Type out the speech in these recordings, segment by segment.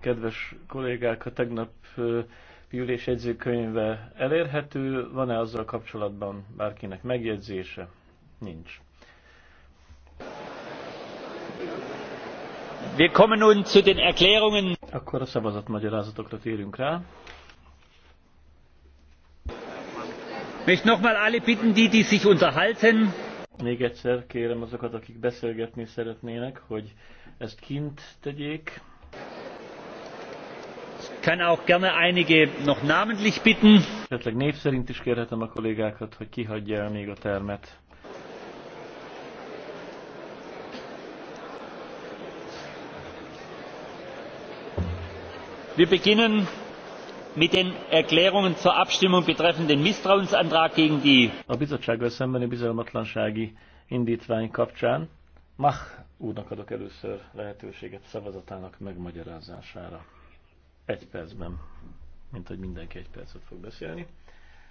Kedves kollégák, a tegnap ülés jegyzőkönyve elérhető, van-e azzal kapcsolatban bárkinek megjegyzése? Nincs. Wir kommen nun zu den Erklärungen. Akkor a szavazat magyarázatokra térünk rá. Möchte nochmal alle bitten, die, die sich unterhalten. Még egyszer kérem azokat, akik beszélgetni szeretnének, hogy ezt kint tegyék. Kann auch gerne einige noch namentlich bitten. Esetleg név szerint is kérhetem a kollégákat, hogy kihagyja el még a termet. Wir beginnen mit den Erklärungen zur Abstimmung betreffend den Misstrauensantrag gegen die a bizottsággal szembeni bizalmatlansági indítvány kapcsán Mach úrnak adok először lehetőséget szavazatának megmagyarázására. Egy percben, mint hogy mindenki egy percet fog beszélni.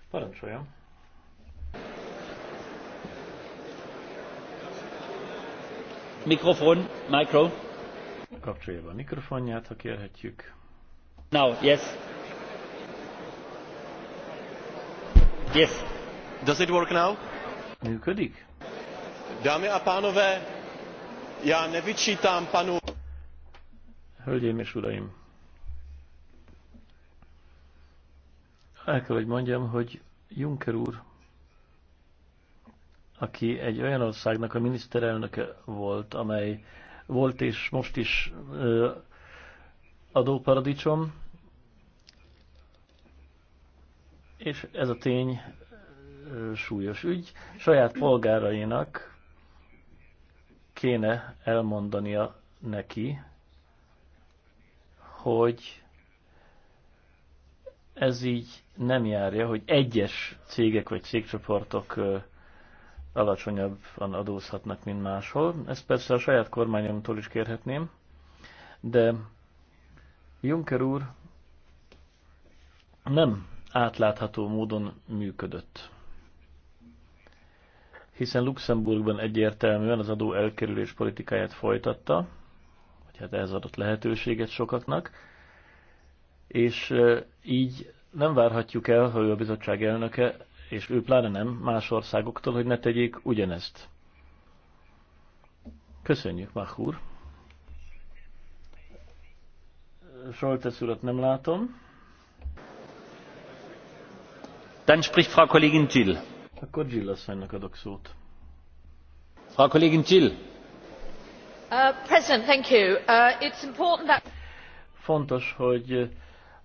Parancsoljam! Mikrofon, mikro. Kapcsolja be a mikrofonját, ha kérhetjük. Now, yes. Yes. Does it work now? Működik? Dámy a pánové, Já nevyčítám panu... Hölgyeim és uraim! El kell, hogy mondjam, hogy Juncker úr, aki egy olyan országnak a miniszterelnöke volt, amely volt és most is adóparadicsom, és ez a tény súlyos ügy, saját polgárainak kéne elmondania neki, hogy ez így nem járja, hogy egyes cégek vagy cégcsoportok alacsonyabban adózhatnak, mint máshol. Ezt persze a saját kormányomtól is kérhetném, de Juncker úr nem átlátható módon működött hiszen Luxemburgban egyértelműen az adó elkerülés politikáját folytatta, hogy hát ez adott lehetőséget sokaknak, és így nem várhatjuk el, ha ő a bizottság elnöke, és ő pláne nem más országoktól, hogy ne tegyék ugyanezt. Köszönjük, Mach úr! Soltes urat nem látom. Dann spricht Frau Kollegin Gill. Akkor Jill asszonynak adok szót. Frau Kollegin Jill. Uh, President, thank you. Uh, it's important that... Fontos, hogy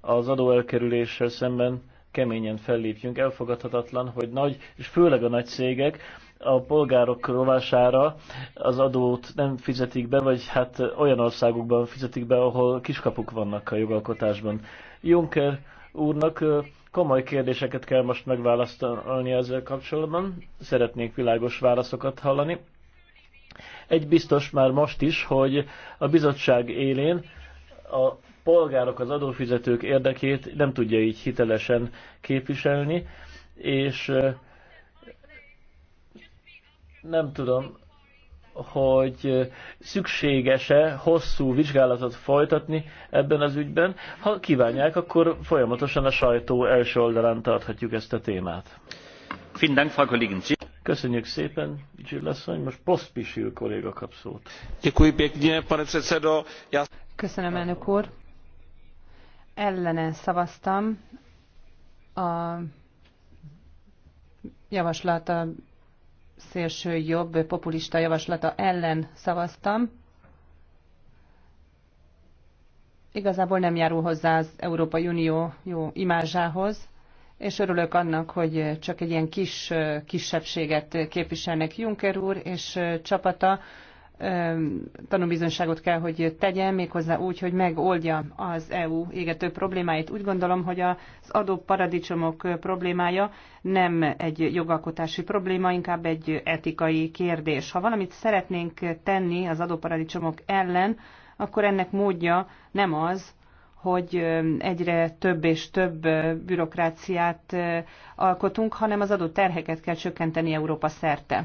az adóelkerüléssel szemben keményen fellépjünk. Elfogadhatatlan, hogy nagy, és főleg a nagy cégek a polgárok rovására az adót nem fizetik be, vagy hát olyan országokban fizetik be, ahol kiskapuk vannak a jogalkotásban. Juncker úrnak uh, komoly kérdéseket kell most megválasztani ezzel kapcsolatban. Szeretnék világos válaszokat hallani. Egy biztos már most is, hogy a bizottság élén a polgárok, az adófizetők érdekét nem tudja így hitelesen képviselni, és nem tudom, hogy szükséges-e hosszú vizsgálatot folytatni ebben az ügyben. Ha kívánják, akkor folyamatosan a sajtó első oldalán tarthatjuk ezt a témát. Köszönjük szépen, Gyillasszony. Most Poszpisil kolléga kap szót. Köszönöm, elnök úr. Ellenen szavaztam a javaslat a szélső jobb populista javaslata ellen szavaztam. Igazából nem járul hozzá az Európai Unió jó imázsához, és örülök annak, hogy csak egy ilyen kis kisebbséget képviselnek Juncker úr és csapata tanúbizonyságot kell, hogy tegyen, méghozzá úgy, hogy megoldja az EU égető problémáit. Úgy gondolom, hogy az adóparadicsomok problémája nem egy jogalkotási probléma, inkább egy etikai kérdés. Ha valamit szeretnénk tenni az adóparadicsomok ellen, akkor ennek módja nem az, hogy egyre több és több bürokráciát alkotunk, hanem az adó terheket kell csökkenteni Európa szerte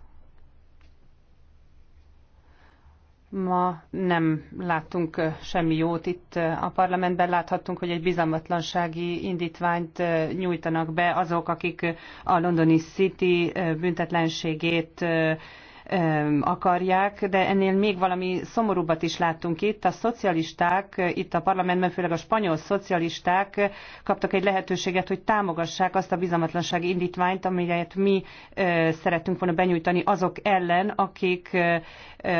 Ma nem láttunk semmi jót itt a parlamentben, láthattunk, hogy egy bizalmatlansági indítványt nyújtanak be azok, akik a londoni City büntetlenségét akarják, de ennél még valami szomorúbbat is láttunk itt. A szocialisták, itt a parlamentben, főleg a spanyol szocialisták kaptak egy lehetőséget, hogy támogassák azt a bizalmatlansági indítványt, amelyet mi szerettünk volna benyújtani azok ellen, akik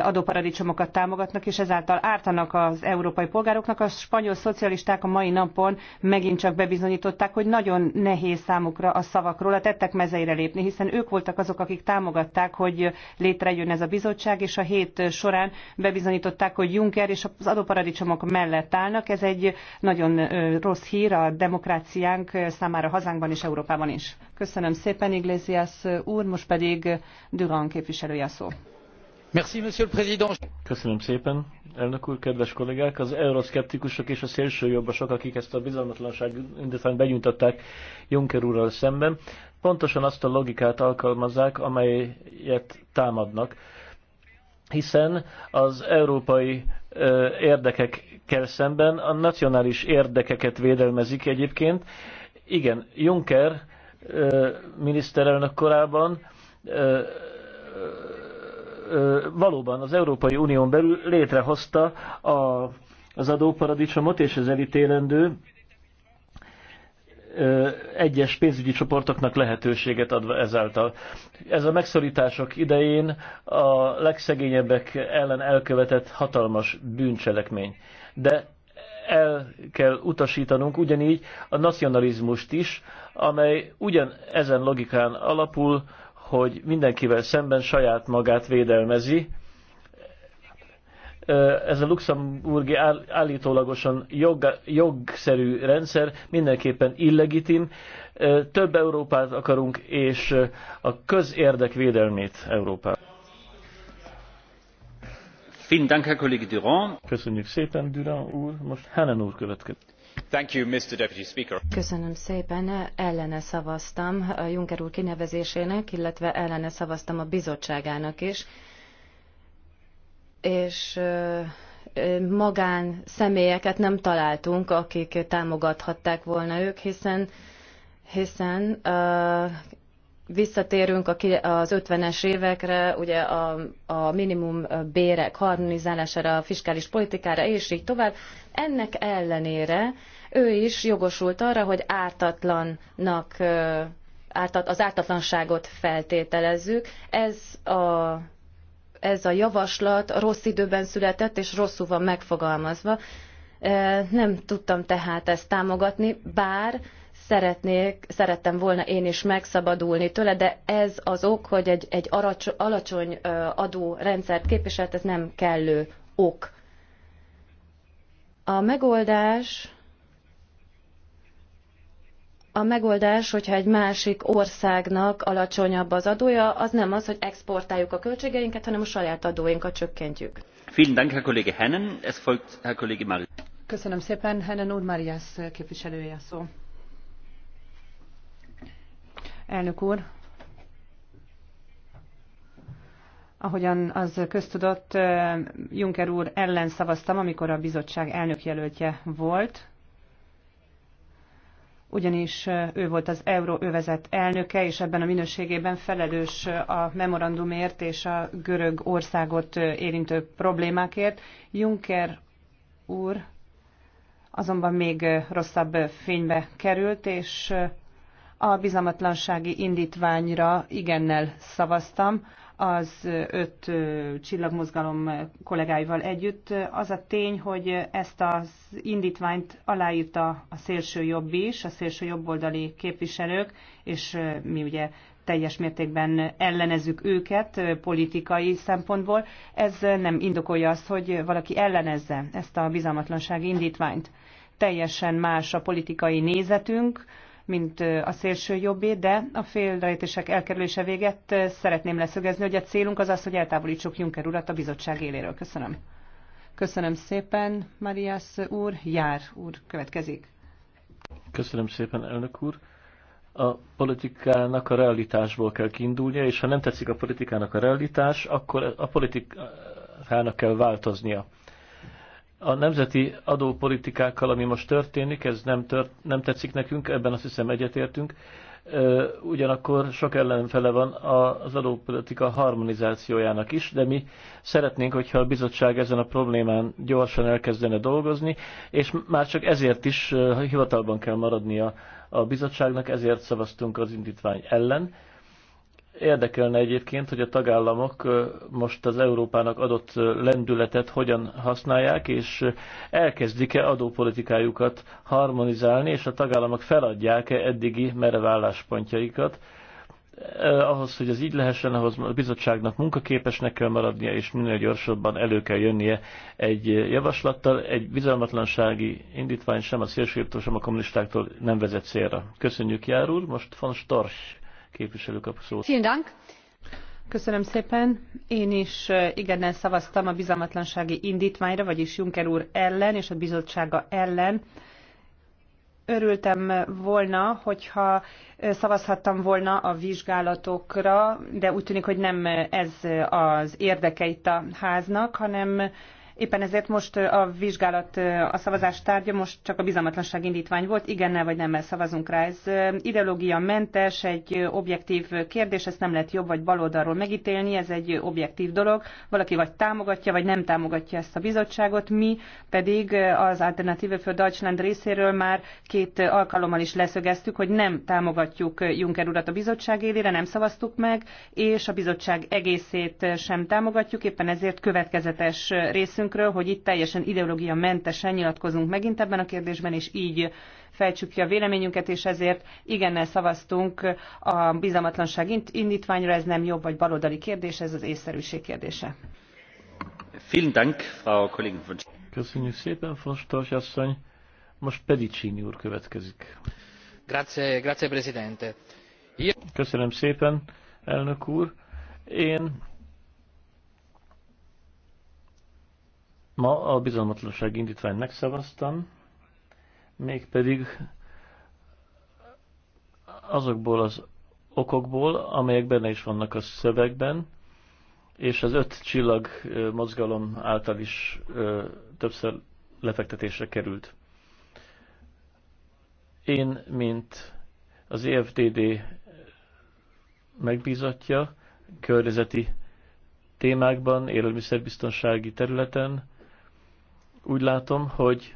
adóparadicsomokat támogatnak, és ezáltal ártanak az európai polgároknak. A spanyol szocialisták a mai napon megint csak bebizonyították, hogy nagyon nehéz számukra a szavakról a tettek mezeire lépni, hiszen ők voltak azok, akik támogatták, hogy létre létrejön ez a bizottság, és a hét során bebizonyították, hogy Juncker és az adóparadicsomok mellett állnak. Ez egy nagyon rossz hír a demokráciánk számára hazánkban és Európában is. Köszönöm szépen, Iglesias úr, most pedig Durán képviselője a szó. Köszönöm szépen, elnök úr, kedves kollégák! Az euroszkeptikusok és a szélsőjobbosok, akik ezt a bizalmatlanság indítványt begyújtották Juncker úrral szemben, pontosan azt a logikát alkalmazzák, amelyet támadnak, hiszen az európai ö, érdekekkel szemben a nacionális érdekeket védelmezik egyébként. Igen, Juncker ö, miniszterelnök korában ö, valóban az Európai Unión belül létrehozta a, az adóparadicsomot, és ez elítélendő egyes pénzügyi csoportoknak lehetőséget adva ezáltal. Ez a megszorítások idején a legszegényebbek ellen elkövetett hatalmas bűncselekmény. De el kell utasítanunk ugyanígy a nacionalizmust is, amely ugyan ezen logikán alapul, hogy mindenkivel szemben saját magát védelmezi. Ez a luxemburgi állítólagosan jog, jogszerű rendszer mindenképpen illegitim. Több Európát akarunk, és a közérdek védelmét Európát. Köszönjük szépen, Durand úr. Most Hennen úr következik. Köszönöm szépen. Ellene szavaztam a Juncker úr kinevezésének, illetve ellene szavaztam a bizottságának is. És magán személyeket nem találtunk, akik támogathatták volna őt hiszen visszatérünk az 50-es évekre, ugye a, a minimum bérek harmonizálására, a fiskális politikára, és így tovább. Ennek ellenére ő is jogosult arra, hogy ártatlannak, ártat, az ártatlanságot feltételezzük. Ez a ez a javaslat rossz időben született, és rosszul van megfogalmazva. Nem tudtam tehát ezt támogatni, bár szeretnék, szerettem volna én is megszabadulni tőle, de ez az ok, hogy egy, egy alacsony adórendszert képviselt, ez nem kellő ok. A megoldás a megoldás, hogyha egy másik országnak alacsonyabb az adója, az nem az, hogy exportáljuk a költségeinket, hanem a saját adóinkat csökkentjük. Vielen Dank, Herr Kollege Hennen. Es folgt Herr Kollege Marias. Köszönöm szépen, Hennen úr Marias képviselője szó. Elnök úr, ahogyan az köztudott, Juncker úr ellen szavaztam, amikor a bizottság elnökjelöltje volt, ugyanis ő volt az euróövezet elnöke, és ebben a minőségében felelős a memorandumért és a görög országot érintő problémákért. Juncker úr azonban még rosszabb fénybe került, és a bizalmatlansági indítványra igennel szavaztam az öt csillagmozgalom kollégáival együtt. Az a tény, hogy ezt az indítványt aláírta a szélső jobb is, a szélső jobboldali képviselők, és mi ugye teljes mértékben ellenezzük őket politikai szempontból. Ez nem indokolja azt, hogy valaki ellenezze ezt a bizalmatlansági indítványt. Teljesen más a politikai nézetünk, mint a szélső jobbé, de a félrejtések elkerülése véget szeretném leszögezni, hogy a célunk az az, hogy eltávolítsuk Juncker urat a bizottság éléről. Köszönöm. Köszönöm szépen, Marias úr. Jár úr, következik. Köszönöm szépen, elnök úr. A politikának a realitásból kell kiindulnia, és ha nem tetszik a politikának a realitás, akkor a politikának kell változnia a nemzeti adópolitikákkal, ami most történik, ez nem, tört, nem tetszik nekünk, ebben azt hiszem egyetértünk. Ugyanakkor sok ellenfele van az adópolitika harmonizációjának is, de mi szeretnénk, hogyha a bizottság ezen a problémán gyorsan elkezdene dolgozni, és már csak ezért is hivatalban kell maradnia a bizottságnak, ezért szavaztunk az indítvány ellen Érdekelne egyébként, hogy a tagállamok most az Európának adott lendületet hogyan használják, és elkezdik-e adópolitikájukat harmonizálni, és a tagállamok feladják-e eddigi mereválláspontjaikat. Ahhoz, hogy ez így lehessen, ahhoz a bizottságnak munkaképesnek kell maradnia, és minél gyorsabban elő kell jönnie egy javaslattal. Egy bizalmatlansági indítvány sem a szélsőjobbtól, sem a kommunistáktól nem vezet célra. Köszönjük, Jár úr. Most von Storch képviselő kap szót. Köszönöm szépen. Én is eh, igennel szavaztam a bizalmatlansági indítványra, vagyis Juncker úr ellen és a bizottsága ellen. Örültem volna, hogyha eh, szavazhattam volna a vizsgálatokra, de úgy tűnik, hogy nem ez az érdeke itt a háznak, hanem Éppen ezért most a vizsgálat, a szavazás tárgya most csak a bizalmatlanság indítvány volt, igennel vagy nemmel szavazunk rá. Ez ideológia mentes, egy objektív kérdés, ezt nem lehet jobb vagy baloldalról megítélni, ez egy objektív dolog. Valaki vagy támogatja, vagy nem támogatja ezt a bizottságot, mi pedig az Alternative für Deutschland részéről már két alkalommal is leszögeztük, hogy nem támogatjuk Juncker urat a bizottság élére, nem szavaztuk meg, és a bizottság egészét sem támogatjuk, éppen ezért következetes részünk részünkről, hogy itt teljesen ideológia mentesen nyilatkozunk megint ebben a kérdésben, és így fejtsük ki a véleményünket, és ezért igennel szavaztunk a bizalmatlanság indítványra, ez nem jobb vagy baloldali kérdés, ez az észszerűség kérdése. Köszönjük szépen, Fostos asszony. Most Pedicini úr következik. Grazie, grazie, Presidente. Köszönöm szépen, elnök úr. Én Ma a bizalmatlanság indítványt megszavaztam, mégpedig azokból az okokból, amelyek benne is vannak a szövegben, és az öt csillag mozgalom által is többször lefektetésre került. Én, mint az EFDD megbízatja környezeti témákban, élelmiszerbiztonsági területen, úgy látom, hogy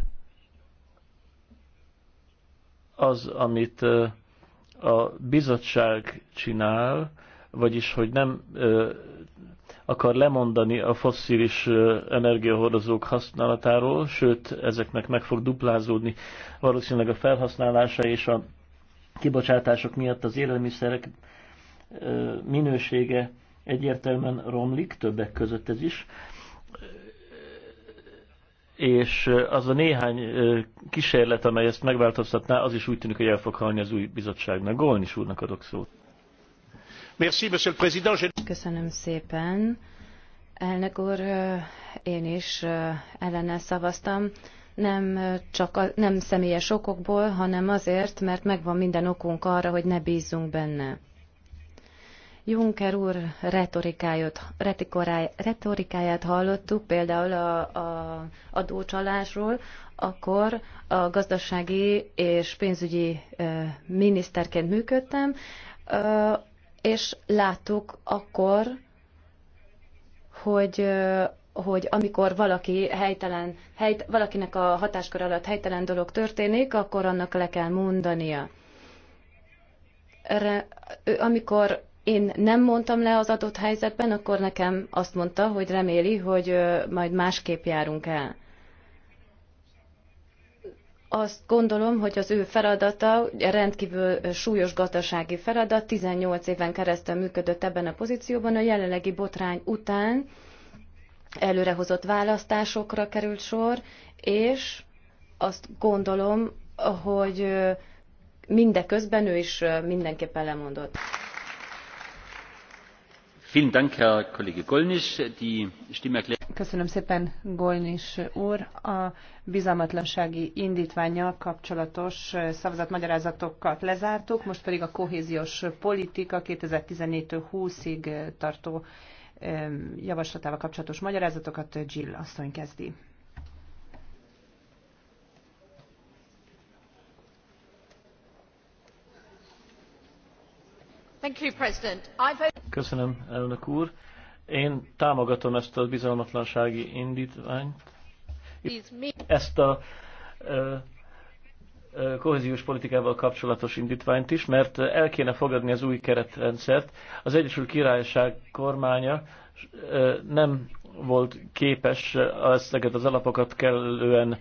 az, amit a bizottság csinál, vagyis hogy nem akar lemondani a fosszilis energiahordozók használatáról, sőt, ezeknek meg fog duplázódni valószínűleg a felhasználása és a kibocsátások miatt az élelmiszerek minősége egyértelműen romlik, többek között ez is és az a néhány kísérlet, amely ezt megváltoztatná, az is úgy tűnik, hogy el fog halni az új bizottságnak. Golnis úrnak adok szót. Merci, monsieur président. Köszönöm szépen. Elnök úr, én is ellene szavaztam. Nem, csak a, nem személyes okokból, hanem azért, mert megvan minden okunk arra, hogy ne bízzunk benne. Juncker úr retorikáját, retorikáját hallottuk, például a, a adócsalásról, akkor a gazdasági és pénzügyi miniszterként működtem, és láttuk akkor, hogy hogy amikor valaki helytelen, helyt, valakinek a hatáskör alatt helytelen dolog történik, akkor annak le kell mondania. Erre, amikor én nem mondtam le az adott helyzetben, akkor nekem azt mondta, hogy reméli, hogy majd másképp járunk el. Azt gondolom, hogy az ő feladata rendkívül súlyos gazdasági feladat, 18 éven keresztül működött ebben a pozícióban, a jelenlegi botrány után előrehozott választásokra került sor, és azt gondolom, hogy mindeközben ő is mindenképpen lemondott. Köszönöm szépen, Golnis úr. A bizalmatlansági indtvánnyal kapcsolatos szavazatmagyarázatokat lezártuk, most pedig a kohéziós politika 2014-től twenty ig tartó javaslatával kapcsolatos magyarázatokat gill asszony kezdi. Köszönöm, elnök úr. Én támogatom ezt a bizalmatlansági indítványt. Ezt a kohéziós politikával kapcsolatos indítványt is, mert el kéne fogadni az új keretrendszert. Az Egyesült Királyság kormánya nem volt képes ezeket az alapokat kellően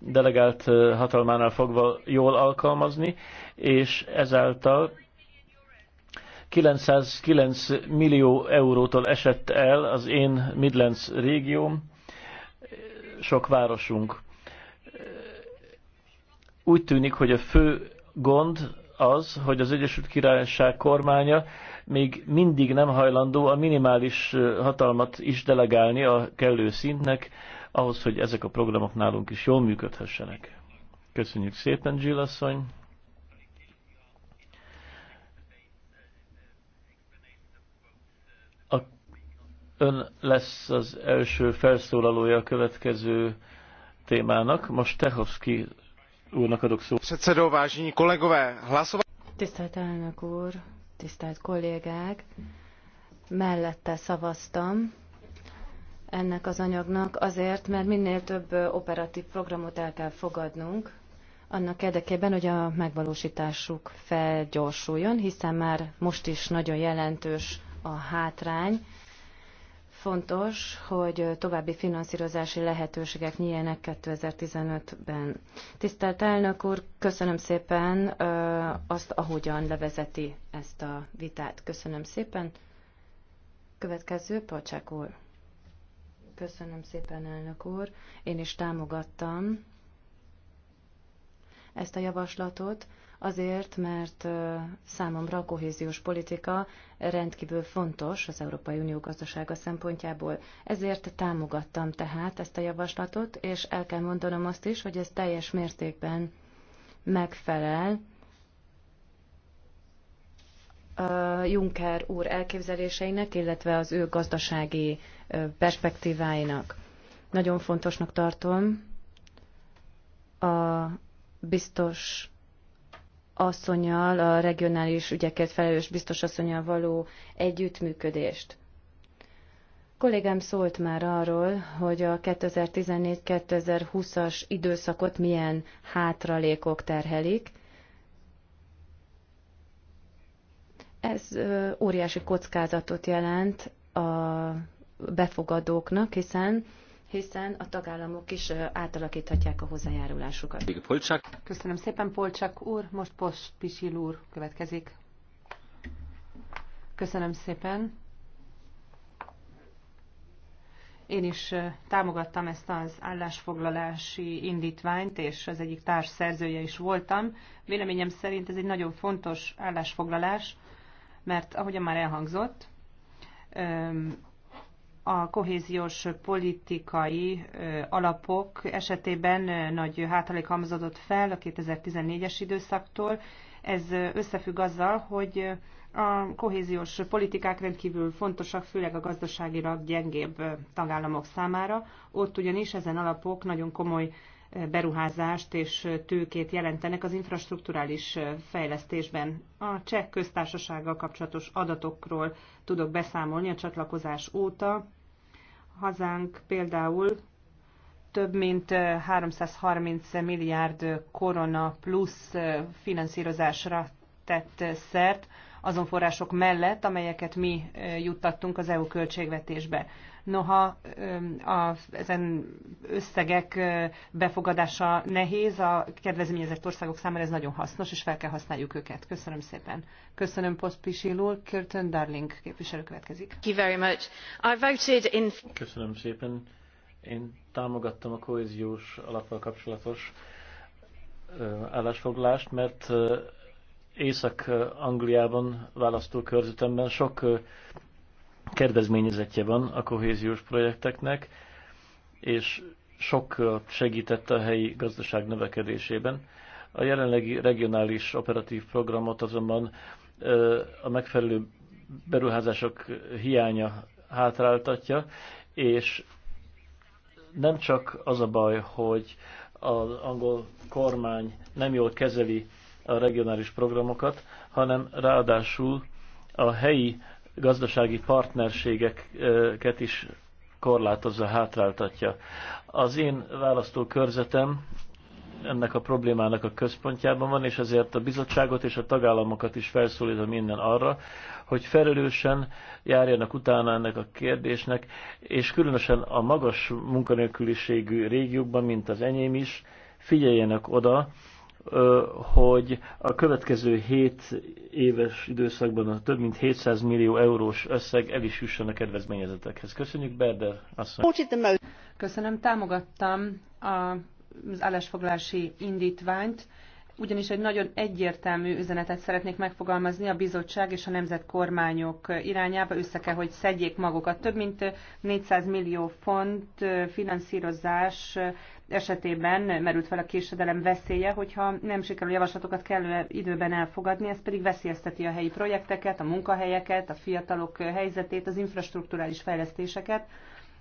delegált hatalmánál fogva jól alkalmazni, és ezáltal 909 millió eurótól esett el az én Midlands régióm, sok városunk. Úgy tűnik, hogy a fő gond az, hogy az Egyesült Királyság kormánya még mindig nem hajlandó a minimális hatalmat is delegálni a kellő szintnek, ahhoz, hogy ezek a programok nálunk is jól működhessenek. Köszönjük szépen, Jill asszony! Ön lesz az első felszólalója a következő témának. Most Tehovszki úrnak adok szót. Předsedo, vážení kollégové, hlaszol... Tisztelt elnök úr, tisztelt kollégák, mellette szavaztam ennek az anyagnak azért, mert minél több operatív programot el kell fogadnunk, annak érdekében, hogy a megvalósításuk felgyorsuljon, hiszen már most is nagyon jelentős a hátrány, Fontos, hogy további finanszírozási lehetőségek nyíljenek 2015-ben. Tisztelt elnök úr, köszönöm szépen azt, ahogyan levezeti ezt a vitát. Köszönöm szépen. Következő, Pacsák úr. Köszönöm szépen, elnök úr. Én is támogattam ezt a javaslatot, azért, mert számomra a kohéziós politika rendkívül fontos az Európai Unió gazdasága szempontjából. Ezért támogattam tehát ezt a javaslatot, és el kell mondanom azt is, hogy ez teljes mértékben megfelel Juncker úr elképzeléseinek, illetve az ő gazdasági perspektíváinak. Nagyon fontosnak tartom a biztos asszonyal, a regionális ügyeket felelős biztos asszonyal való együttműködést. Kollégám szólt már arról, hogy a 2014-2020-as időszakot milyen hátralékok terhelik. Ez óriási kockázatot jelent a befogadóknak, hiszen hiszen a tagállamok is átalakíthatják a hozzájárulásukat. Köszönöm szépen, Polcsak úr. Most Post Pisil úr következik. Köszönöm szépen. Én is támogattam ezt az állásfoglalási indítványt, és az egyik társ szerzője is voltam. Véleményem szerint ez egy nagyon fontos állásfoglalás, mert ahogyan már elhangzott, a kohéziós politikai alapok esetében nagy hátalék hamzadott fel a 2014-es időszaktól. Ez összefügg azzal, hogy a kohéziós politikák rendkívül fontosak, főleg a gazdaságilag gyengébb tagállamok számára. Ott ugyanis ezen alapok nagyon komoly beruházást és tőkét jelentenek az infrastruktúrális fejlesztésben. A cseh köztársasággal kapcsolatos adatokról tudok beszámolni a csatlakozás óta. Hazánk például több mint 330 milliárd korona plusz finanszírozásra tett szert azon források mellett, amelyeket mi juttattunk az EU költségvetésbe. Noha a, ezen összegek befogadása nehéz, a kedvezményezett országok számára ez nagyon hasznos, és fel kell használjuk őket. Köszönöm szépen. Köszönöm Pospisilul. Curtin Darling képviselő következik. Köszönöm szépen. Én támogattam a kohéziós alapval kapcsolatos állásfoglalást, mert Észak-Angliában választókörzetemben sok kedvezményezetje van a kohéziós projekteknek, és sok segítette a helyi gazdaság növekedésében. A jelenlegi regionális operatív programot azonban a megfelelő beruházások hiánya hátráltatja, és nem csak az a baj, hogy az angol kormány nem jól kezeli a regionális programokat, hanem ráadásul a helyi gazdasági partnerségeket is korlátozza, hátráltatja. Az én választókörzetem ennek a problémának a központjában van, és ezért a bizottságot és a tagállamokat is felszólítom minden arra, hogy felelősen járjanak utána ennek a kérdésnek, és különösen a magas munkanélküliségű régiókban, mint az enyém is, figyeljenek oda, hogy a következő 7 éves időszakban a több mint 700 millió eurós összeg el is jusson a kedvezményezetekhez. Köszönjük, Berder asszony. Köszönöm, támogattam az állásfoglalási indítványt, ugyanis egy nagyon egyértelmű üzenetet szeretnék megfogalmazni a bizottság és a nemzetkormányok irányába. Össze kell, hogy szedjék magukat. Több mint 400 millió font finanszírozás esetében merült fel a késedelem veszélye, hogyha nem sikerül javaslatokat kellő időben elfogadni, ez pedig veszélyezteti a helyi projekteket, a munkahelyeket, a fiatalok helyzetét, az infrastruktúrális fejlesztéseket,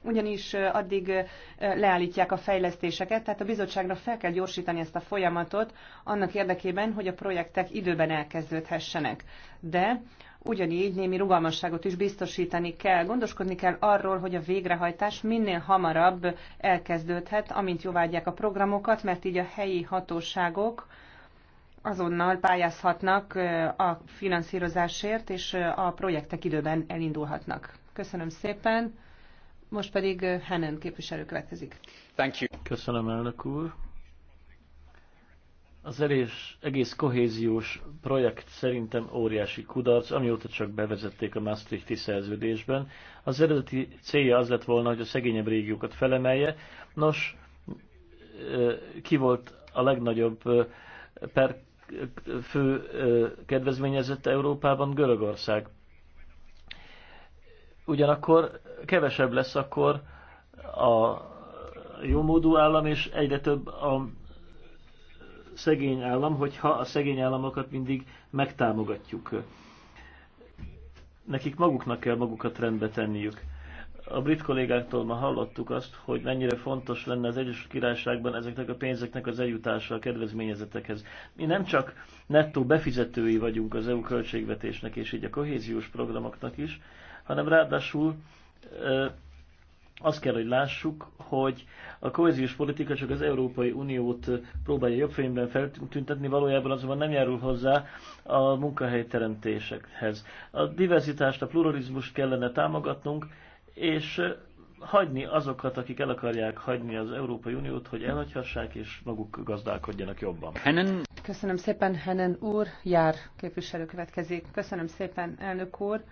ugyanis addig leállítják a fejlesztéseket, tehát a bizottságra fel kell gyorsítani ezt a folyamatot annak érdekében, hogy a projektek időben elkezdődhessenek. De Ugyanígy némi rugalmasságot is biztosítani kell. Gondoskodni kell arról, hogy a végrehajtás minél hamarabb elkezdődhet, amint jóvágyják a programokat, mert így a helyi hatóságok azonnal pályázhatnak a finanszírozásért, és a projektek időben elindulhatnak. Köszönöm szépen. Most pedig Hennen képviselő következik. Thank you. Köszönöm, elnök úr az elés, egész kohéziós projekt szerintem óriási kudarc, amióta csak bevezették a Maastrichti szerződésben. Az eredeti célja az lett volna, hogy a szegényebb régiókat felemelje. Nos, ki volt a legnagyobb per fő kedvezményezett Európában? Görögország. Ugyanakkor kevesebb lesz akkor a jómódú állam, és egyre több a szegény állam, hogyha a szegény államokat mindig megtámogatjuk. Nekik maguknak kell magukat rendbe tenniük. A brit kollégáktól ma hallottuk azt, hogy mennyire fontos lenne az Egyesült Királyságban ezeknek a pénzeknek az eljutása a kedvezményezetekhez. Mi nem csak nettó befizetői vagyunk az EU költségvetésnek és így a kohéziós programoknak is, hanem ráadásul azt kell, hogy lássuk, hogy a kohéziós politika csak az Európai Uniót próbálja jobb fényben feltüntetni, valójában azonban nem járul hozzá a munkahelyteremtésekhez. A diverzitást, a pluralizmust kellene támogatnunk, és hagyni azokat, akik el akarják hagyni az Európai Uniót, hogy elhagyhassák és maguk gazdálkodjanak jobban. Henen. Köszönöm szépen, Henen úr. Jár képviselő következik. Köszönöm szépen, elnök úr.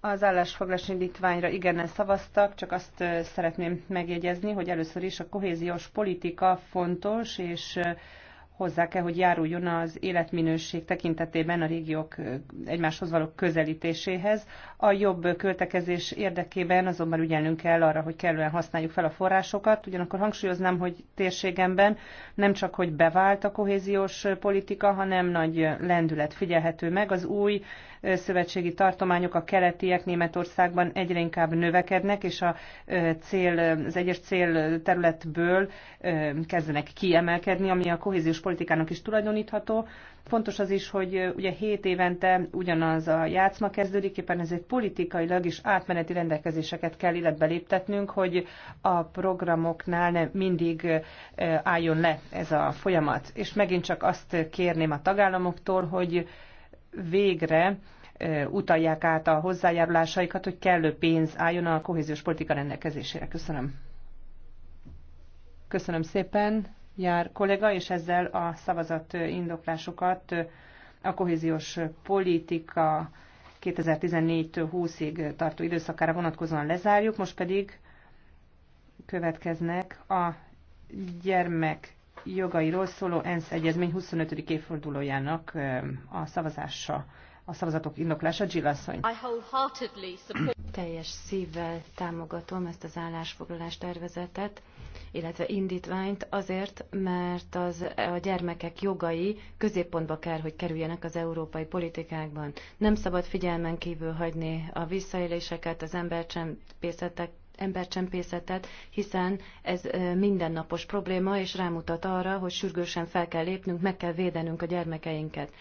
Az állásfoglalás indítványra igennel szavaztak, csak azt szeretném megjegyezni, hogy először is a kohéziós politika fontos, és hozzá kell, hogy járuljon az életminőség tekintetében a régiók egymáshoz való közelítéséhez. A jobb költekezés érdekében azonban ügyelnünk kell arra, hogy kellően használjuk fel a forrásokat. Ugyanakkor hangsúlyoznám, hogy térségemben nem csak, hogy bevált a kohéziós politika, hanem nagy lendület figyelhető meg. Az új szövetségi tartományok, a keletiek Németországban egyre inkább növekednek, és a cél, az egyes cél területből kezdenek kiemelkedni, ami a kohéziós politikának is tulajdonítható. Fontos az is, hogy ugye hét évente ugyanaz a játszma kezdődik, éppen ezért politikailag is átmeneti rendelkezéseket kell illetve léptetnünk, hogy a programoknál nem mindig álljon le ez a folyamat. És megint csak azt kérném a tagállamoktól, hogy végre utalják át a hozzájárulásaikat, hogy kellő pénz álljon a kohéziós politika rendelkezésére. Köszönöm. Köszönöm szépen, jár kollega, és ezzel a szavazat indoklásokat a kohéziós politika 2014 20-ig tartó időszakára vonatkozóan lezárjuk, most pedig következnek a gyermek jogairól szóló ENSZ egyezmény 25. évfordulójának a szavazása, a szavazatok indoklása. Jill asszony. Teljes szívvel támogatom ezt az állásfoglalás tervezetet, illetve indítványt azért, mert az, a gyermekek jogai középpontba kell, hogy kerüljenek az európai politikákban. Nem szabad figyelmen kívül hagyni a visszaéléseket, az embercsempészetek embercsempészetet, hiszen ez mindennapos probléma, és rámutat arra, hogy sürgősen fel kell lépnünk, meg kell védenünk a gyermekeinket.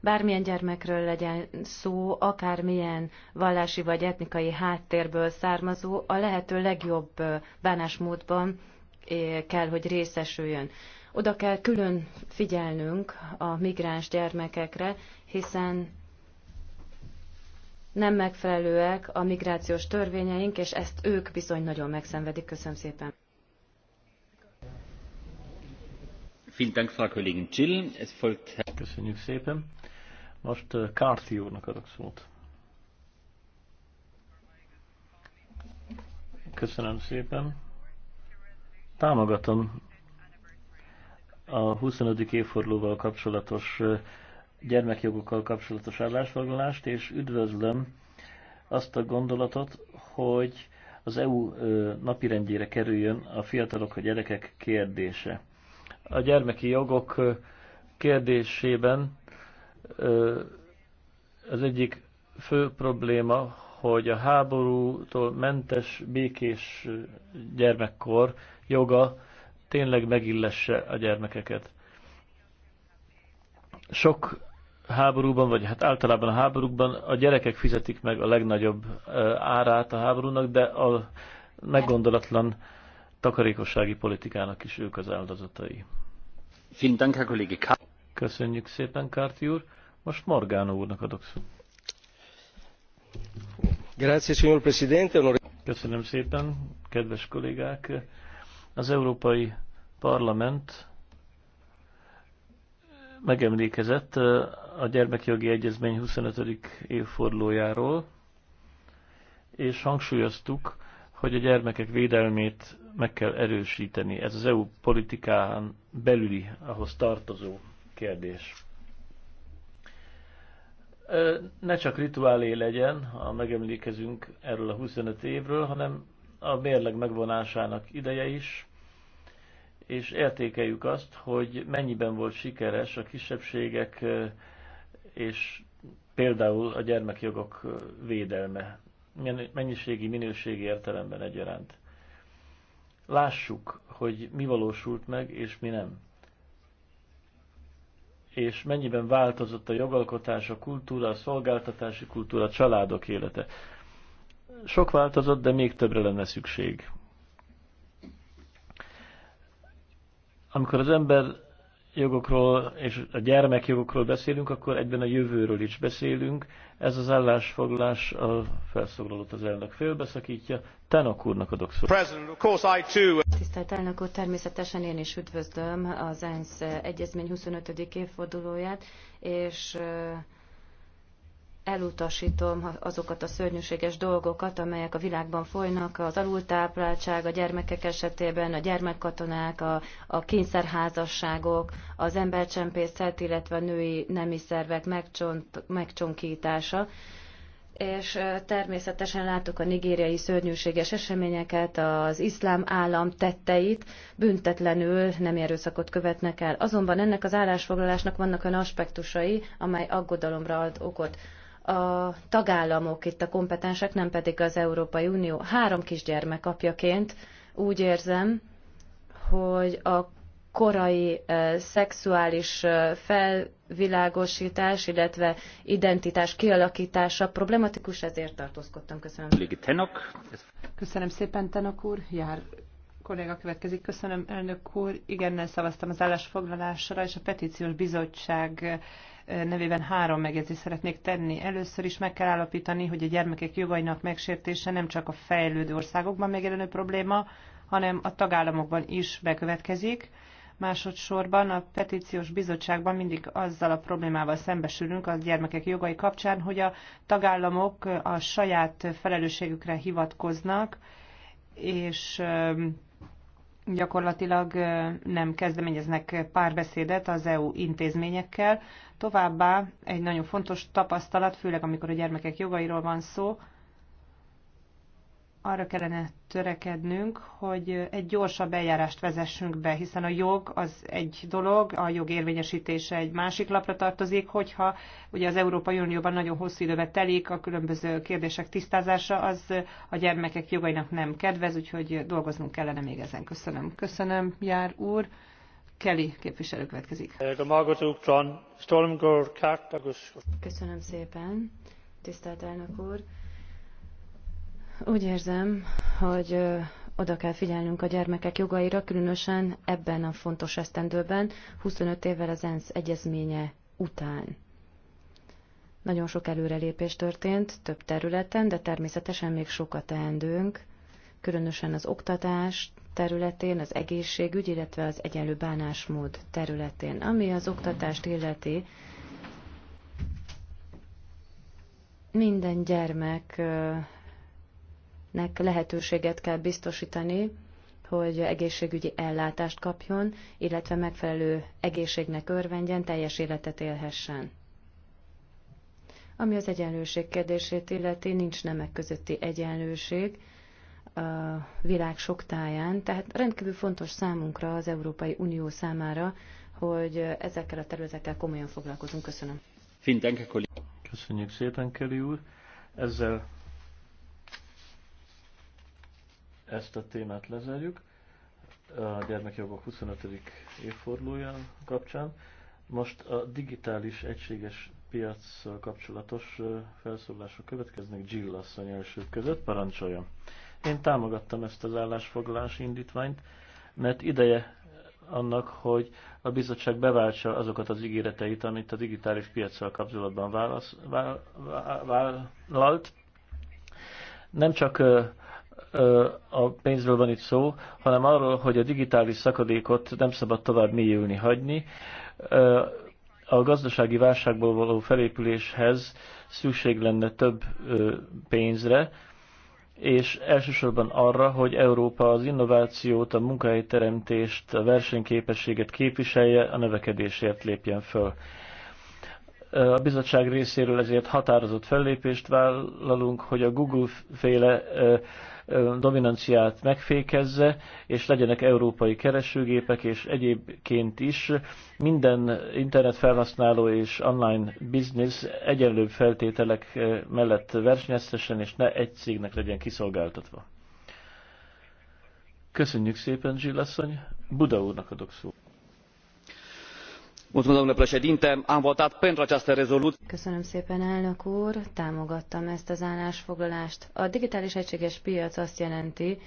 Bármilyen gyermekről legyen szó, akármilyen vallási vagy etnikai háttérből származó, a lehető legjobb bánásmódban kell, hogy részesüljön. Oda kell külön figyelnünk a migráns gyermekekre, hiszen nem megfelelőek a migrációs törvényeink, és ezt ők bizony nagyon megszenvedik. Köszönöm szépen. Köszönjük szépen. Most Kárti uh, úrnak adok szót. Köszönöm szépen. Támogatom a 25. évfordulóval kapcsolatos uh, gyermekjogokkal kapcsolatos állásfoglalást, és üdvözlöm azt a gondolatot, hogy az EU napirendjére kerüljön a fiatalok, a gyerekek kérdése. A gyermeki jogok kérdésében az egyik fő probléma, hogy a háborútól mentes, békés gyermekkor joga tényleg megillesse a gyermekeket. Sok háborúban, vagy hát általában a háborúkban a gyerekek fizetik meg a legnagyobb árát a háborúnak, de a meggondolatlan takarékossági politikának is ők az áldozatai. Köszönjük szépen, Kárti úr. Most Morgánó úrnak adok szó. signor Presidente. Köszönöm szépen, kedves kollégák. Az Európai Parlament megemlékezett a gyermekjogi egyezmény 25. évfordulójáról, és hangsúlyoztuk, hogy a gyermekek védelmét meg kell erősíteni. Ez az EU politikán belüli, ahhoz tartozó kérdés. Ne csak rituálé legyen, ha megemlékezünk erről a 25 évről, hanem a mérleg megvonásának ideje is, és értékeljük azt, hogy mennyiben volt sikeres a kisebbségek és például a gyermekjogok védelme, mennyiségi, minőségi értelemben egyaránt. Lássuk, hogy mi valósult meg, és mi nem. És mennyiben változott a jogalkotás, a kultúra, a szolgáltatási kultúra, a családok élete. Sok változott, de még többre lenne szükség. Amikor az ember jogokról és a gyermekjogokról beszélünk, akkor egyben a jövőről is beszélünk. Ez az állásfoglalás a felszólalót az elnök félbeszakítja. Tenok úrnak adok szót. Tisztelt elnök úr, természetesen én is üdvözlöm az ENSZ egyezmény 25. évfordulóját, és elutasítom azokat a szörnyűséges dolgokat, amelyek a világban folynak, az alultápláltság a gyermekek esetében, a gyermekkatonák, a, a kényszerházasságok, az embercsempészet, illetve a női nemi szervek megcsont, megcsonkítása és természetesen látok a nigériai szörnyűséges eseményeket, az iszlám állam tetteit, büntetlenül nem erőszakot követnek el. Azonban ennek az állásfoglalásnak vannak olyan aspektusai, amely aggodalomra ad okot a tagállamok itt a kompetensek, nem pedig az Európai Unió. Három kisgyermek apjaként úgy érzem, hogy a korai eh, szexuális eh, felvilágosítás, illetve identitás kialakítása problematikus, ezért tartózkodtam. Köszönöm. Köszönöm szépen, Tenok úr. Jár kolléga következik. Köszönöm, elnök úr. Igennel szavaztam az állásfoglalásra, és a petíciós bizottság nevében három megjegyzést szeretnék tenni. Először is meg kell állapítani, hogy a gyermekek jogainak megsértése nem csak a fejlődő országokban megjelenő probléma, hanem a tagállamokban is bekövetkezik. Másodszorban a petíciós bizottságban mindig azzal a problémával szembesülünk a gyermekek jogai kapcsán, hogy a tagállamok a saját felelősségükre hivatkoznak, és gyakorlatilag nem kezdeményeznek párbeszédet az EU intézményekkel. Továbbá egy nagyon fontos tapasztalat, főleg amikor a gyermekek jogairól van szó, arra kellene törekednünk, hogy egy gyorsabb eljárást vezessünk be, hiszen a jog az egy dolog, a jog érvényesítése egy másik lapra tartozik, hogyha ugye az Európai Unióban nagyon hosszú időbe telik a különböző kérdések tisztázása, az a gyermekek jogainak nem kedvez, úgyhogy dolgoznunk kellene még ezen. Köszönöm. Köszönöm, Jár úr. Kelly képviselő következik. Köszönöm szépen, tisztelt elnök úr. Úgy érzem, hogy oda kell figyelnünk a gyermekek jogaira, különösen ebben a fontos esztendőben, 25 évvel az ENSZ egyezménye után. Nagyon sok előrelépés történt több területen, de természetesen még sokat teendőnk, különösen az oktatás területén, az egészségügy, illetve az egyenlő bánásmód területén. Ami az oktatást illeti, minden gyermek nek lehetőséget kell biztosítani, hogy egészségügyi ellátást kapjon, illetve megfelelő egészségnek örvendjen, teljes életet élhessen. Ami az egyenlőség kérdését illeti, nincs nemek közötti egyenlőség a világ sok táján, tehát rendkívül fontos számunkra, az Európai Unió számára, hogy ezekkel a területekkel komolyan foglalkozunk. Köszönöm. Köszönjük szépen, Kelly úr. Ezzel ezt a témát lezárjuk a gyermekjogok 25. évfordulója kapcsán. Most a digitális egységes piac kapcsolatos felszólások következnek Jill asszony első között, parancsolja. Én támogattam ezt az állásfoglalás indítványt, mert ideje annak, hogy a bizottság beváltsa azokat az ígéreteit, amit a digitális piacsal kapcsolatban válasz, vállalt. vá, vállalt. nem csak a pénzről van itt szó, hanem arról, hogy a digitális szakadékot nem szabad tovább mélyülni hagyni. A gazdasági válságból való felépüléshez szükség lenne több pénzre, és elsősorban arra, hogy Európa az innovációt, a munkahelyteremtést, a versenyképességet képviselje, a növekedésért lépjen föl. A bizottság részéről ezért határozott fellépést vállalunk, hogy a Google-féle dominanciát megfékezze, és legyenek európai keresőgépek, és egyébként is minden internetfelhasználó és online biznisz egyenlőbb feltételek mellett versenyeztessen, és ne egy cégnek legyen kiszolgáltatva. Köszönjük szépen, Zsillasszony. Buda úrnak adok szót domnule președinte am votat pentru această rezoluție. köszönöm szépen elnök úr támogattam ezt az állásfoglalást. a digitális egységes piac azt jelenti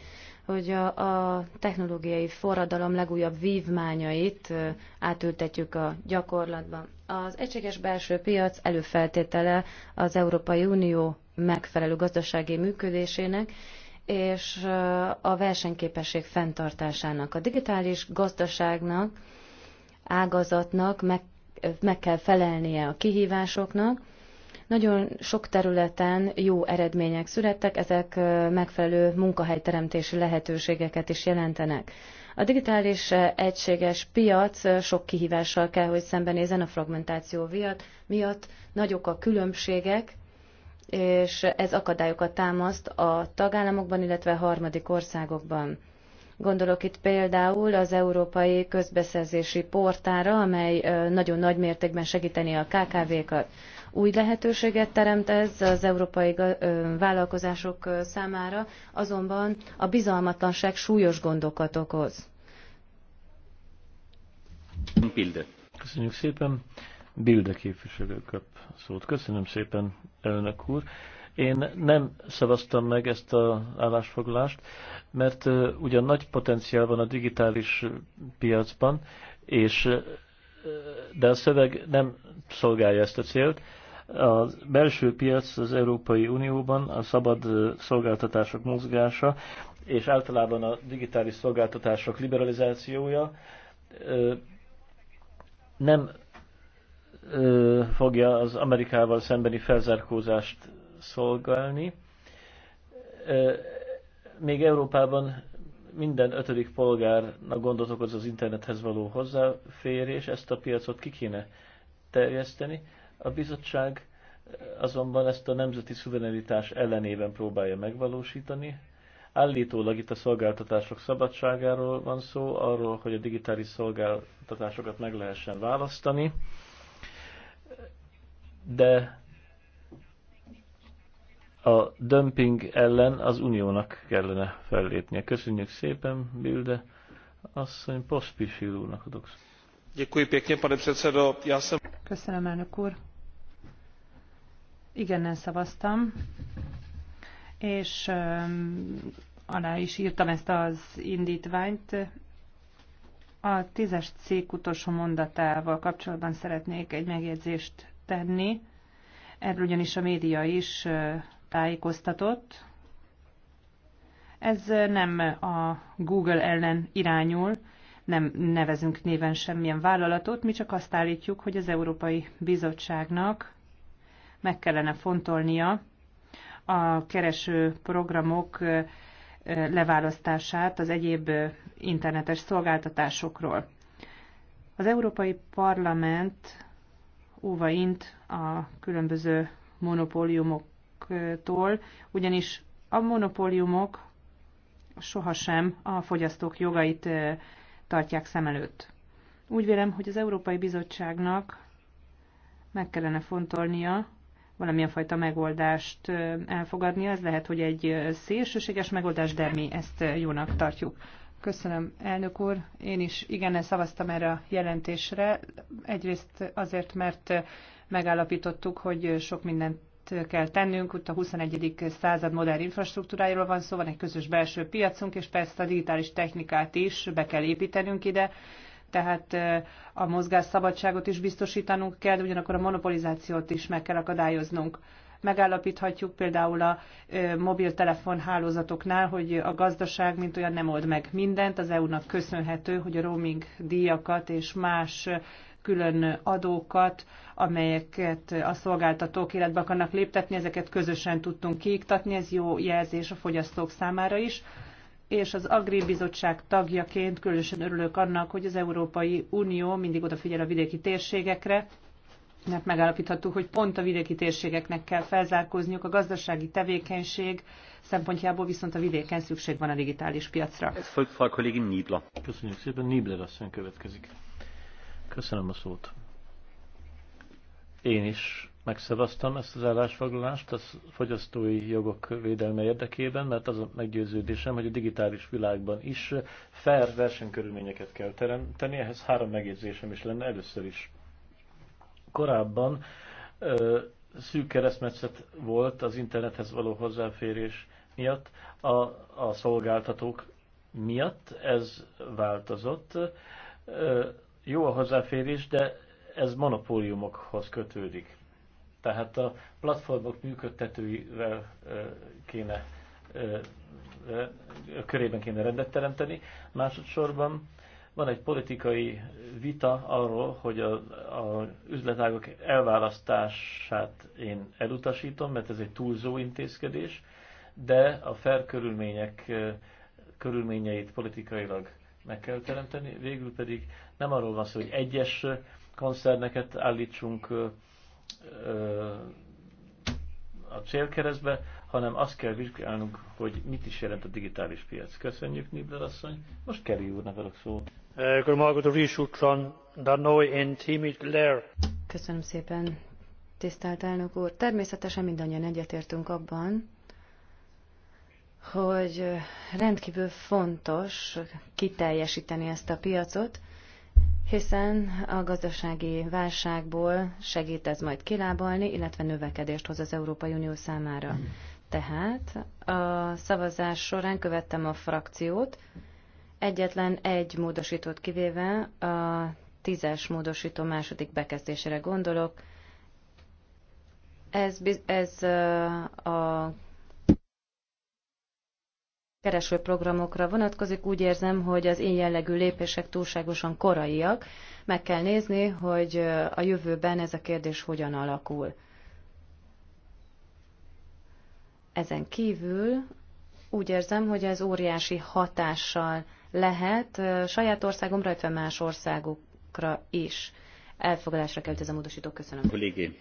hogy a, technológiai forradalom legújabb vívmányait átültetjük a gyakorlatba. Az egységes belső piac előfeltétele az Európai Unió megfelelő gazdasági működésének, és a versenyképesség fenntartásának. A digitális gazdaságnak ágazatnak meg, meg kell felelnie a kihívásoknak. Nagyon sok területen jó eredmények születtek, ezek megfelelő munkahelyteremtési lehetőségeket is jelentenek. A digitális egységes piac sok kihívással kell, hogy szembenézen a fragmentáció miatt. Nagyok a különbségek, és ez akadályokat támaszt a tagállamokban, illetve a harmadik országokban. Gondolok itt például az Európai Közbeszerzési Portára, amely nagyon nagy mértékben segíteni a KKV-kat. Új lehetőséget teremt ez az európai vállalkozások számára, azonban a bizalmatlanság súlyos gondokat okoz. Bilde. Köszönjük szépen. Bilde képviselő kap szót. Köszönöm szépen, elnök úr. Én nem szavaztam meg ezt az állásfoglalást, mert ugyan nagy potenciál van a digitális piacban, és, de a szöveg nem szolgálja ezt a célt. A belső piac az Európai Unióban, a szabad szolgáltatások mozgása, és általában a digitális szolgáltatások liberalizációja nem fogja az Amerikával szembeni felzárkózást szolgálni. Még Európában minden ötödik polgárnak gondot okoz az internethez való hozzáférés, ezt a piacot ki kéne terjeszteni. A bizottság azonban ezt a nemzeti szuverenitás ellenében próbálja megvalósítani. Állítólag itt a szolgáltatások szabadságáról van szó, arról, hogy a digitális szolgáltatásokat meg lehessen választani, de a dömping ellen az uniónak kellene fellépnie. Köszönjük szépen, Bilde. Asszony Pospisil úrnak adok. Děkuji pěkně, pane předsedo. Já jsem... Köszönöm, elnök úr. Igennel szavaztam, és um, alá is írtam ezt az indítványt. A tízes cikk utolsó mondatával kapcsolatban szeretnék egy megjegyzést tenni. Erről ugyanis a média is uh, tájékoztatott. Ez nem a Google ellen irányul, nem nevezünk néven semmilyen vállalatot, mi csak azt állítjuk, hogy az Európai Bizottságnak meg kellene fontolnia a kereső programok leválasztását az egyéb internetes szolgáltatásokról. Az Európai Parlament óvaint a különböző monopóliumok monopóliumoktól, ugyanis a monopóliumok sohasem a fogyasztók jogait tartják szem előtt. Úgy vélem, hogy az Európai Bizottságnak meg kellene fontolnia, valamilyen fajta megoldást elfogadnia. Ez lehet, hogy egy szélsőséges megoldás, de mi ezt jónak tartjuk. Köszönöm, elnök úr. Én is igen szavaztam erre a jelentésre. Egyrészt azért, mert megállapítottuk, hogy sok mindent kell tennünk, ott a 21. század modern infrastruktúrájáról van szó, van egy közös belső piacunk, és persze a digitális technikát is be kell építenünk ide, tehát a mozgásszabadságot is biztosítanunk kell, de ugyanakkor a monopolizációt is meg kell akadályoznunk megállapíthatjuk például a mobiltelefon hálózatoknál, hogy a gazdaság mint olyan nem old meg mindent. Az EU-nak köszönhető, hogy a roaming díjakat és más külön adókat, amelyeket a szolgáltatók életbe akarnak léptetni, ezeket közösen tudtunk kiiktatni, ez jó jelzés a fogyasztók számára is és az Agri Bizottság tagjaként különösen örülök annak, hogy az Európai Unió mindig odafigyel a vidéki térségekre, mert megállapíthattuk, hogy pont a vidéki térségeknek kell felzárkózniuk, a gazdasági tevékenység szempontjából viszont a vidéken szükség van a digitális piacra. Köszönjük szépen, Nibler asszony következik. Köszönöm a szót. Én is megszavaztam ezt az állásfoglalást a fogyasztói jogok védelme érdekében, mert az a meggyőződésem, hogy a digitális világban is fair versenykörülményeket kell teremteni, ehhez három megjegyzésem is lenne először is. Korábban ö, szűk keresztmetszet volt az internethez való hozzáférés miatt, a, a szolgáltatók miatt ez változott. Ö, jó a hozzáférés, de ez monopóliumokhoz kötődik. Tehát a platformok működtetőivel kéne körében kéne rendet teremteni. Másodszorban van egy politikai vita arról, hogy a, a üzletágok elválasztását én elutasítom, mert ez egy túlzó intézkedés, de a fair körülmények körülményeit politikailag meg kell teremteni, végül pedig nem arról van szó, hogy egyes koncerneket állítsunk a célkeresztbe, hanem azt kell vizsgálnunk, hogy mit is jelent a digitális piac. Köszönjük, Nibler asszony. Most Kerry úrnak adok szót. Köszönöm szépen, tisztelt elnök úr. Természetesen mindannyian egyetértünk abban, hogy rendkívül fontos kiteljesíteni ezt a piacot, hiszen a gazdasági válságból segít ez majd kilábalni, illetve növekedést hoz az Európai Unió számára. Tehát a szavazás során követtem a frakciót, egyetlen egy módosítót kivéve a tízes módosító második bekezdésére gondolok. Ez, ez a keresőprogramokra vonatkozik. Úgy érzem, hogy az én jellegű lépések túlságosan koraiak. Meg kell nézni, hogy a jövőben ez a kérdés hogyan alakul. Ezen kívül úgy érzem, hogy ez óriási hatással lehet saját országomra, illetve más országokra is. Elfogadásra került ez a módosító. Köszönöm. Kollégé.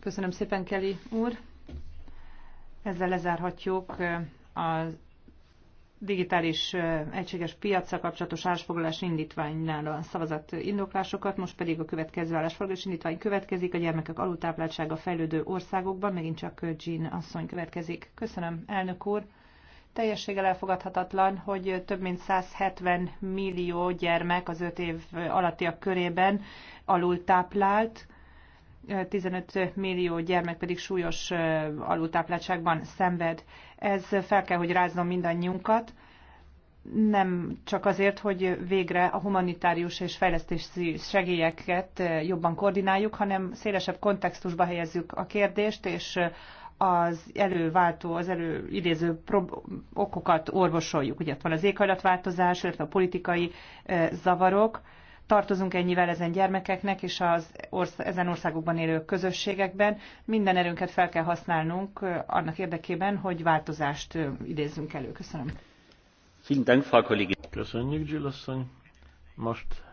Köszönöm szépen, Kelly úr. Ezzel lezárhatjuk az digitális egységes piacra kapcsolatos állásfoglalás indítványnál a szavazat indoklásokat, most pedig a következő állásfoglalás indítvány következik, a gyermekek alultápláltsága fejlődő országokban, megint csak Jean asszony következik. Köszönöm, elnök úr! Teljességgel elfogadhatatlan, hogy több mint 170 millió gyermek az öt év alattiak körében alultáplált, 15 millió gyermek pedig súlyos alultápláltságban szenved. Ez fel kell, hogy rázzon mindannyiunkat, nem csak azért, hogy végre a humanitárius és fejlesztési segélyeket jobban koordináljuk, hanem szélesebb kontextusba helyezzük a kérdést, és az előváltó, az előidéző okokat orvosoljuk. Ugye ott van az éghajlatváltozás, illetve a politikai zavarok, tartozunk ennyivel ezen gyermekeknek és az orsz- ezen országokban élő közösségekben. Minden erőnket fel kell használnunk annak érdekében, hogy változást idézzünk elő. Köszönöm. Köszönjük, Jill asszony. Most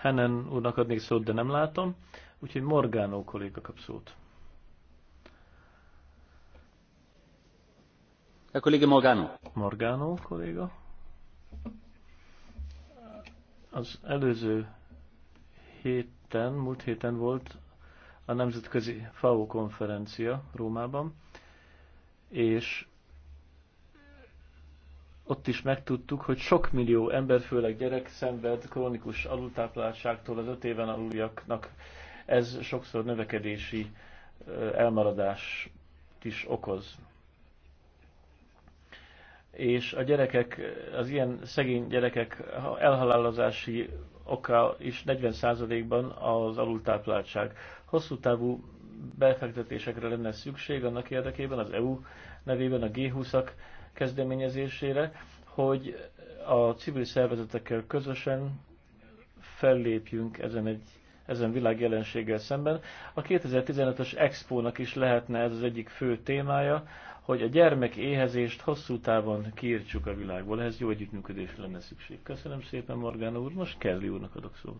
Henen úrnak adnék szót, de nem látom, úgyhogy Morgánó kolléga kap szót. A kolléga Morgánó. Morgánó kolléga. Az előző héten, múlt héten volt a Nemzetközi FAO konferencia Rómában, és ott is megtudtuk, hogy sok millió ember, főleg gyerek szenved krónikus alultápláltságtól az öt éven aluljaknak. Ez sokszor növekedési elmaradást is okoz. És a gyerekek, az ilyen szegény gyerekek elhalálozási oka is 40%-ban az alultápláltság. Hosszú távú befektetésekre lenne szükség annak érdekében az EU nevében a G20-ak kezdeményezésére, hogy a civil szervezetekkel közösen fellépjünk ezen egy ezen világjelenséggel szemben. A 2015-ös Expo-nak is lehetne ez az egyik fő témája, hogy a gyermek éhezést hosszú távon kiírtsuk a világból. Ehhez jó együttműködés lenne szükség. Köszönöm szépen, Morgana úr. Most Kelly úrnak adok szót.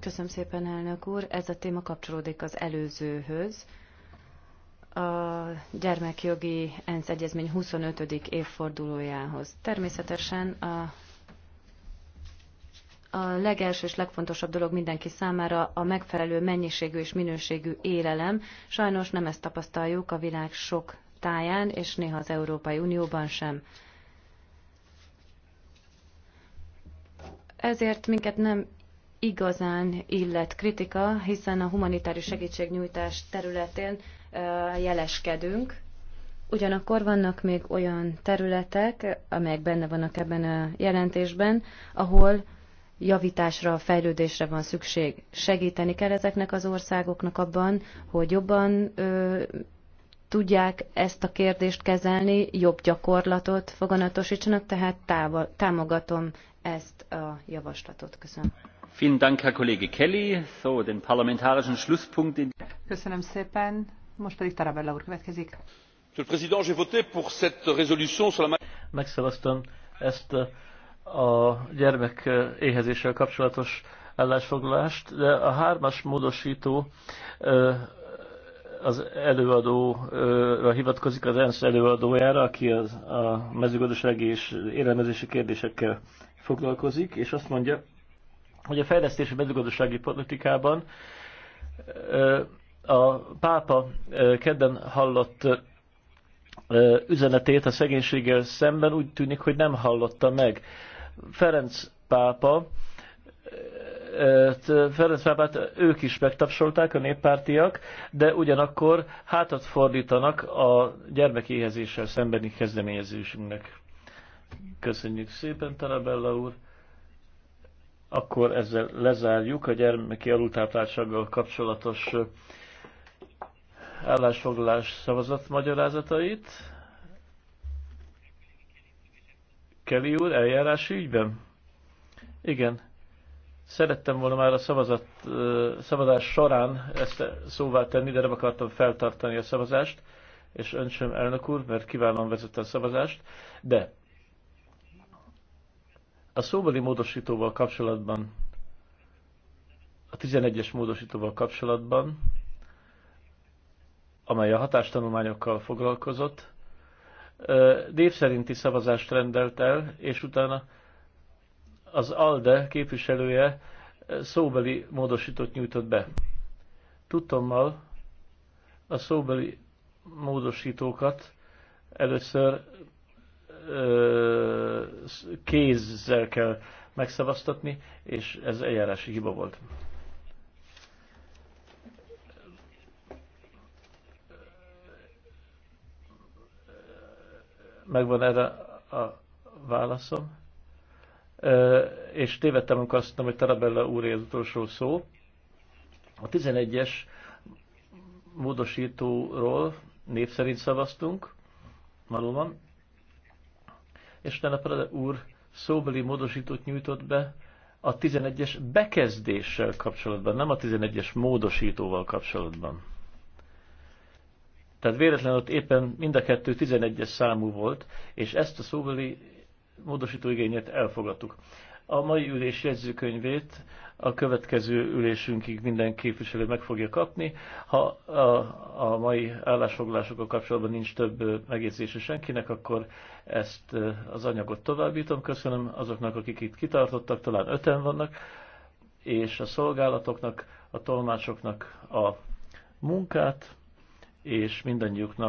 Köszönöm szépen, elnök úr. Ez a téma kapcsolódik az előzőhöz. A gyermekjogi ENSZ egyezmény 25. évfordulójához. Természetesen a a legelső és legfontosabb dolog mindenki számára a megfelelő mennyiségű és minőségű élelem. Sajnos nem ezt tapasztaljuk a világ sok táján, és néha az Európai Unióban sem. Ezért minket nem igazán illet kritika, hiszen a humanitári segítségnyújtás területén jeleskedünk. Ugyanakkor vannak még olyan területek, amelyek benne vannak ebben a jelentésben, ahol javításra, fejlődésre van szükség. Segíteni kell ezeknek az országoknak abban, hogy jobban ö, tudják ezt a kérdést kezelni, jobb gyakorlatot foganatosítsanak, tehát távol, támogatom ezt a javaslatot. Köszönöm. Vielen Dank, Herr Kollege Kelly. So, den parlamentarischen Schlusspunkt in... Köszönöm szépen. Most pedig Tarabella úr következik. Monsieur le Président, j'ai voté pour cette résolution sur la... Megszavaztam ezt a a gyermek éhezéssel kapcsolatos állásfoglalást, de a hármas módosító az előadóra hivatkozik, az ENSZ előadójára, aki az, a mezőgazdasági és élelmezési kérdésekkel foglalkozik, és azt mondja, hogy a fejlesztési mezőgazdasági politikában a pápa kedden hallott üzenetét a szegénységgel szemben úgy tűnik, hogy nem hallotta meg. Ferenc pápa, e, e, Ferenc pápát ők is megtapsolták, a néppártiak, de ugyanakkor hátat fordítanak a gyermekéhezéssel szembeni kezdeményezésünknek. Köszönjük szépen, Tarabella úr! Akkor ezzel lezárjuk a gyermeki alultápláltsággal kapcsolatos e, állásfoglalás szavazatmagyarázatait. Kelly úr eljárási ügyben? Igen. Szerettem volna már a szavazat, szavazás során ezt szóvá tenni, de nem akartam feltartani a szavazást, és ön sem elnök úr, mert kiválóan vezette a szavazást, de a szóbeli módosítóval kapcsolatban, a 11-es módosítóval kapcsolatban, amely a hatástanulmányokkal foglalkozott, név szerinti szavazást rendelt el, és utána az ALDE képviselője szóbeli módosítót nyújtott be. Tudtommal a szóbeli módosítókat először kézzel kell megszavaztatni, és ez eljárási hiba volt. Megvan erre a válaszom. És tévedtem, amikor azt mondtam, hogy Tarabella úr az utolsó szó. A 11-es módosítóról név szerint szavaztunk, valóban, és utána Prada úr szóbeli módosítót nyújtott be a 11-es bekezdéssel kapcsolatban, nem a 11-es módosítóval kapcsolatban. Tehát véletlen ott éppen mind a kettő 11-es számú volt, és ezt a szóbeli módosítóigényet elfogadtuk. A mai ülés jegyzőkönyvét a következő ülésünkig minden képviselő meg fogja kapni. Ha a, a mai állásfoglalásokkal kapcsolatban nincs több megjegyzése senkinek, akkor ezt az anyagot továbbítom. Köszönöm azoknak, akik itt kitartottak, talán öten vannak, és a szolgálatoknak, a tolmácsoknak a munkát és mindannyiuknak